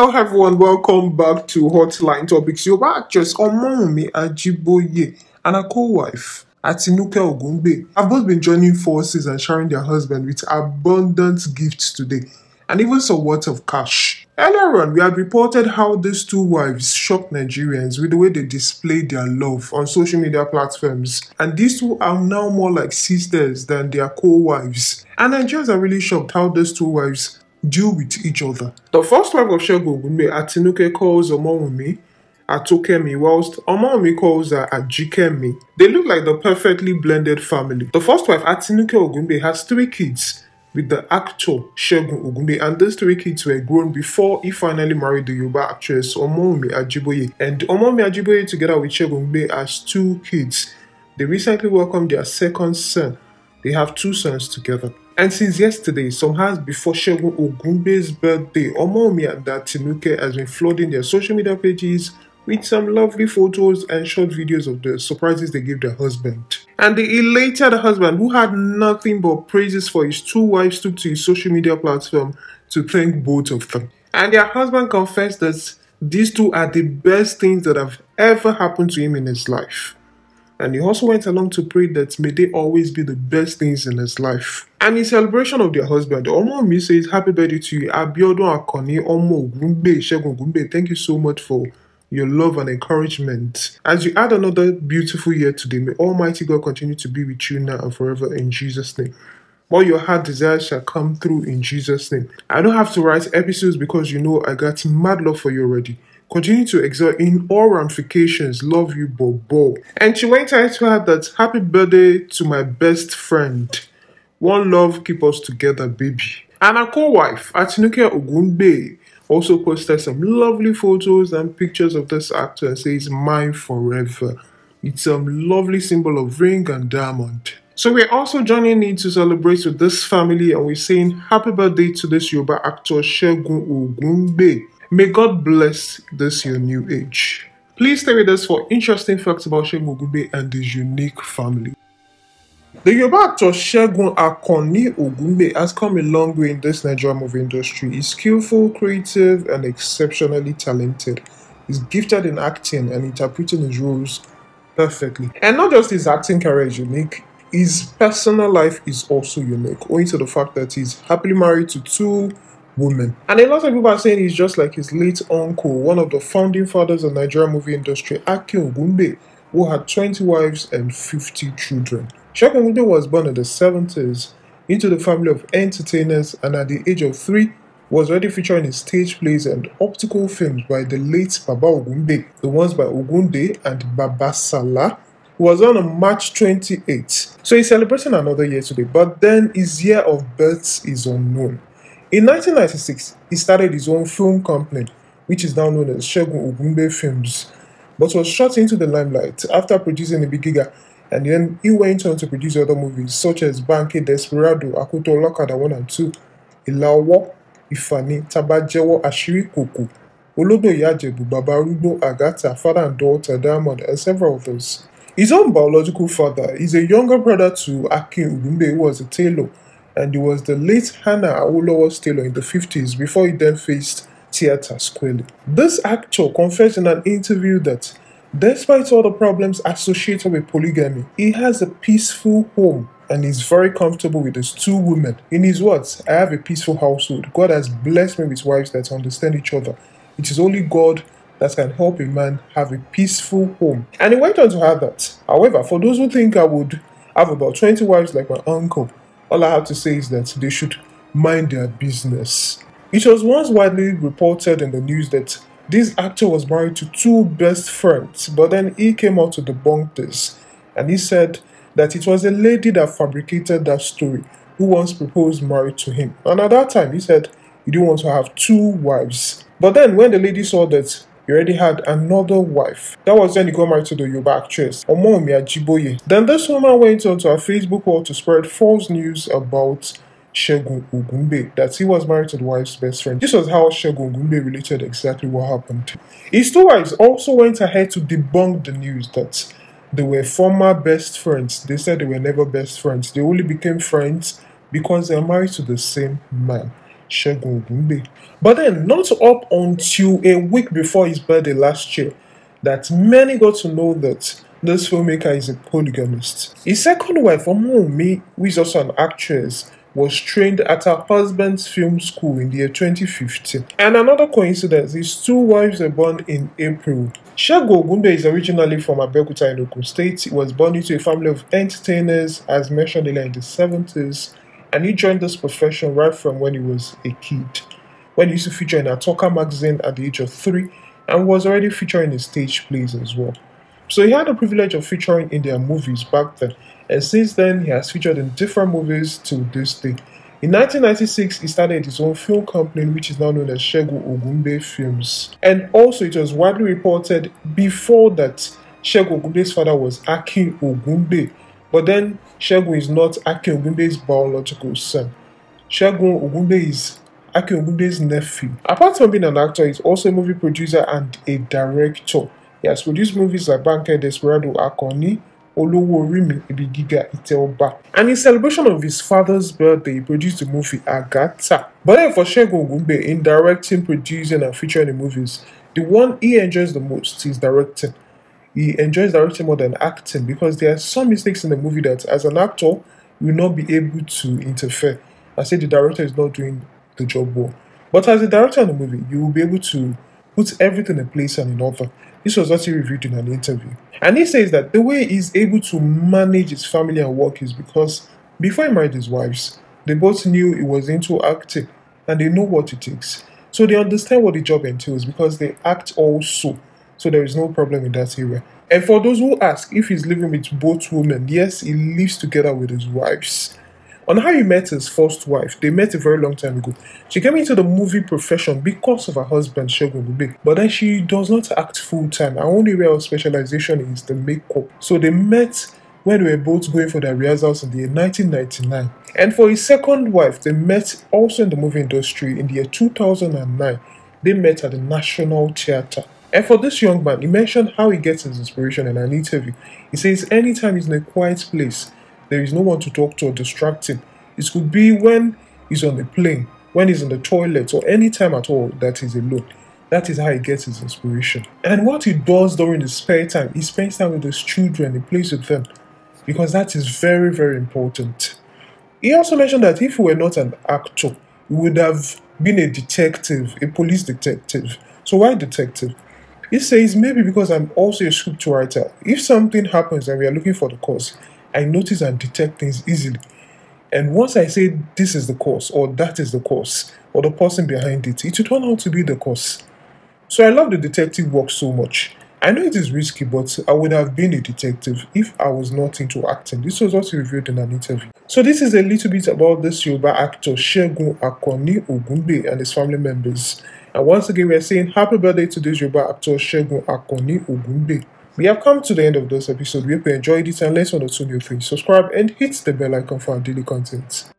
Hello, everyone. Welcome back to Hotline Topics. Your actress Omomi Ajíbóyè and her co-wife Atinuke Ogunbe have both been joining forces and sharing their husband with abundant gifts today, and even some worth of cash. Earlier on, we had reported how these two wives shocked Nigerians with the way they displayed their love on social media platforms. And these two are now more like sisters than their co wives. And Nigerians are really shocked how these two wives deal with each other. The first wife of Shegogumbe, Atinuke, calls Omowumi Atokemi, whilst Omowumi calls her Ajikemi. They look like the perfectly blended family. The first wife, Atinuke Ogunbe has three kids with the actor Shegun Ogunbe, and those three kids were grown before he finally married the Yoruba actress Omowumi Ajiboye. And Omowumi Ajiboye, together with Shegun Ogumbe, has two kids. They recently welcomed their second son. They have two sons together. And since yesterday, some has before Shegun Ogumbe's birthday, Omomi and that Tinuke has been flooding their social media pages with some lovely photos and short videos of the surprises they gave their husband. And the elated husband, who had nothing but praises for his two wives, took to his social media platform to thank both of them. And their husband confessed that these two are the best things that have ever happened to him in his life. And he also went along to pray that may they always be the best things in his life. And in celebration of their husband, the Omo says, Happy birthday to you, Abiodun Akoni Omo Gumbe Shegun Gumbe. Thank you so much for your love and encouragement. As you add another beautiful year today, may Almighty God continue to be with you now and forever in Jesus' name. All your heart desires shall come through in Jesus' name. I don't have to write episodes because you know I got mad love for you already continue to excel in all ramifications. Love you, Bobo. And she went on to add that happy birthday to my best friend. One love keep us together, baby. And her co-wife, Atinuke Ogunbe, also posted some lovely photos and pictures of this actor and says, mine forever. It's a lovely symbol of ring and diamond. So we're also joining in to celebrate with this family and we're saying happy birthday to this Yoruba actor Shegun Ogunbe. May God bless this your new age. Please stay with us for interesting facts about Shemogube and his unique family. The Yoruba actor Shegun Akanni Ogumbe has come a long way in this Nigerian movie industry. He's skillful, creative, and exceptionally talented. He's gifted in acting and interpreting his roles perfectly. And not just his acting career is unique, his personal life is also unique, owing to the fact that he's happily married to two and a lot of people are saying he's just like his late uncle, one of the founding fathers of Nigerian movie industry, Aki Ogumbe, who had 20 wives and 50 children. Segun Ogumbe was born in the 70s into the family of entertainers and at the age of three was already featuring in stage plays and optical films by the late Baba Ogunde, the ones by Ogunde and Baba who was on on March 28. So he's celebrating another year today, but then his year of birth is unknown. In 1996, he started his own film company, which is now known as Shogun Ogumbe Films, but was shot into the limelight after producing the Ibigiga, and then he went on to produce other movies such as Banke Desperado, Akuto Lokada 1 and 2, Ilawo, Ifani, Tabajewo, Ashiri Kuku, Olodo Yajebu, Baba Agata, Father and Daughter, Diamond, and several others. His own biological father is a younger brother to Akin Udumbe, who was a tailor and it was the late Hannah Awolowo's Taylor in the 50s before he then faced theatre squarely. This actor confessed in an interview that despite all the problems associated with polygamy, he has a peaceful home and is very comfortable with his two women. In his words, I have a peaceful household. God has blessed me with wives that understand each other. It is only God that can help a man have a peaceful home. And he went on to add that, however, for those who think I would have about 20 wives like my uncle, all I have to say is that they should mind their business. It was once widely reported in the news that this actor was married to two best friends, but then he came out to debunk this and he said that it was a lady that fabricated that story who once proposed marriage to him. And at that time, he said he didn't want to have two wives. But then, when the lady saw that he already had another wife. That was when he got married to the Yoruba actress, Omomi Ajiboye. Then this woman went onto her Facebook wall to spread false news about Shegun Ogumbe that he was married to the wife's best friend. This was how Shegun Ogumbe related exactly what happened. His two wives also went ahead to debunk the news that they were former best friends. They said they were never best friends. They only became friends because they are married to the same man. Shegun Ogunbe. But then, not up until a week before his birthday last year, that many got to know that this filmmaker is a polygamist. His second wife, Omomi, who is also an actress, was trained at her husband's film school in the year 2015. And another coincidence, his two wives were born in April. Shago Ogunbe is originally from Abeokuta in Oku State. He was born into a family of entertainers, as mentioned in the 70s and he joined this profession right from when he was a kid, when he used to feature in a talker magazine at the age of three and was already featuring in stage plays as well. So he had the privilege of featuring in their movies back then, and since then he has featured in different movies till this day. In 1996, he started his own film company, which is now known as Shegu Ogumbe Films. And also, it was widely reported before that Shegu Ogumbe's father was Aki Ogumbe, but then Shegun is not Akin Ogunbe's biological son. Shegun Ogunbe is Akin Ogunbe's nephew. Apart from being an actor, he's also a movie producer and a director. He has produced movies like Banker Desperado Akoni, Olowo Orimi, Ibi Giga, Ite Oba. And in celebration of his father's birthday, he produced the movie Agatha. But then for Shegun Ogunbe, in directing, producing, and featuring the movies, the one he enjoys the most is directing he enjoys directing more than acting because there are some mistakes in the movie that, as an actor, will not be able to interfere I say the director is not doing the job well. But as a director in the movie, you will be able to put everything in place and in order. This was also reviewed in an interview. And he says that the way he's able to manage his family and work is because before he married his wives, they both knew he was into acting and they know what it takes. So they understand what the job entails because they act also. So there is no problem in that area. And for those who ask if he's living with both women, yes, he lives together with his wives. On how he met his first wife, they met a very long time ago. She came into the movie profession because of her husband, Shogun Rubik, but then she does not act full time. Her only real specialization is the makeup. So they met when they were both going for their rehearsals in the year 1999. And for his second wife, they met also in the movie industry in the year 2009. They met at the National Theatre. And for this young man, he mentioned how he gets his inspiration in an interview. He says anytime he's in a quiet place, there is no one to talk to or distract him. It could be when he's on the plane, when he's in the toilet, or any time at all that he's alone. That is how he gets his inspiration. And what he does during his spare time, he spends time with his children, he plays with them, because that is very, very important. He also mentioned that if he were not an actor, he would have been a detective, a police detective. So, why detective? He says, maybe because I'm also a script writer, if something happens and we are looking for the cause, I notice and detect things easily. And once I say this is the cause, or that is the cause, or the person behind it, it will turn out to be the cause. So I love the detective work so much. I know it is risky, but I would have been a detective if I was not into acting. This was also revealed in an interview. So this is a little bit about this Yoruba actor Shegun Akoni Ogunbe and his family members. And once again, we are saying happy birthday to this Yoruba actor Shegun Akoni Ogunbe. We have come to the end of this episode. We hope you enjoyed it and learned one or two new things. Subscribe and hit the bell icon for our daily content.